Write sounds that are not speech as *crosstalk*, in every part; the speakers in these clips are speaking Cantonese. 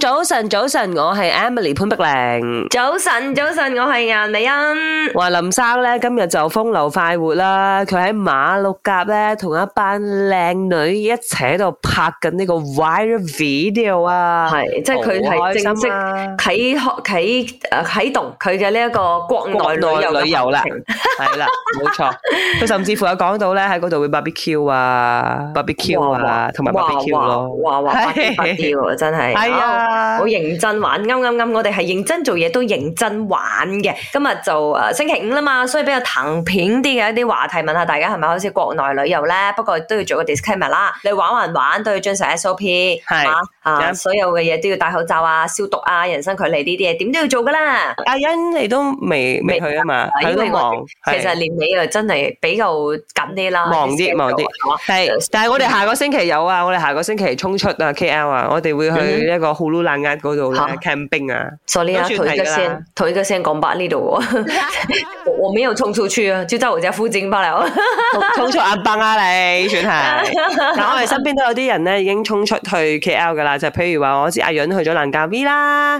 早晨，早晨，我係 Emily 潘碧玲。早晨，早晨，我係顏美欣。話林生咧今日就風流快活啦，佢喺馬六甲咧同一班靚女一齊喺度拍緊呢個 viral video 啊！係，即係佢係正式啟啟誒啟動佢嘅呢一個國內旅遊旅遊啦，係啦，冇錯。佢甚至乎有講到咧喺嗰度會 barbecue 啊，barbecue 啊，同埋 barbecue 咯，嘩嘩 barbecue 真係係啊！好、uh, 認真玩，啱啱啱，我哋係認真做嘢，都認真玩嘅。今日就誒、呃、星期五啦嘛，所以比較彈片啲嘅一啲話題，問下大家係咪好似國內旅遊咧？不過都要做個 disclaimer 啦，你玩還玩，玩，玩都要遵守 S O P，啊，嗯、所有嘅嘢都要戴口罩啊、消毒啊、人身距離呢啲嘢，點都要做噶啦。阿欣你都未未去啊嘛，喺度忙，其實年尾又真係比較緊啲啦，忙啲忙啲。係，但係我哋下個星期有啊，我哋下個星期衝出啊 K L 啊，我哋會去呢個 Hulu 南丫嗰度啦，camping 啊，sorry 啊，同一個先，同一個先講白呢度，我我沒有衝出去啊，就在我家附近罷了，衝出阿伯啊你算係，但係我哋身邊都有啲人咧，已經衝出去 KL 噶啦，就譬如話我知阿潤去咗蘭卡威啦，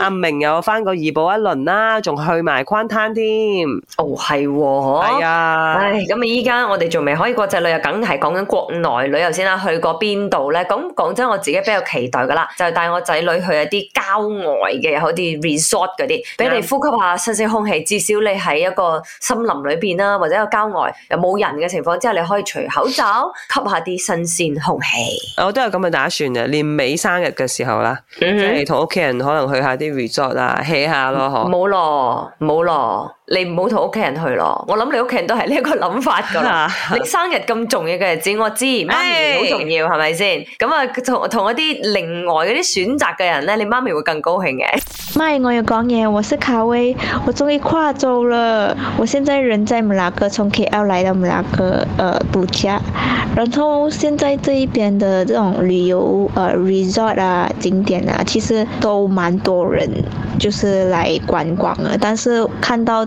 阿明又翻個怡保一輪啦，仲去埋寬灘添，哦係喎，係啊。咁啊！依家、哎、我哋仲未可以國際旅遊，梗係講緊國內旅遊先啦。去過邊度咧？咁講真，我自己比較期待噶啦，就帶我仔女去一啲郊外嘅，好啲 resort 嗰啲，俾你呼吸下新鮮空氣。至少你喺一個森林裏面啦，或者一個郊外又冇人嘅情況之下，你可以除口罩，吸下啲新鮮空氣。我都有咁嘅打算嘅，年尾生日嘅時候啦，mm hmm. 就係同屋企人可能去下啲 resort 啦起下咯，嗬。冇咯，冇咯。你唔好同屋企人去咯，我諗你屋企人都係呢個諗法噶啦。 *laughs* 你生日咁重要嘅日子，我知媽咪好重要，係咪先？咁啊，同同一啲另外嗰啲選擇嘅人咧，你媽咪會更高興嘅。媽咪我要講嘢，我是卡威，我終於跨州啦！我現在人在馬拉克，從 KL 來到馬拉克，呃，度假。然後現在這一邊的這種旅遊，呃，resort 啊、景點啊，其實都蠻多人，就是來觀光啊。但是看到。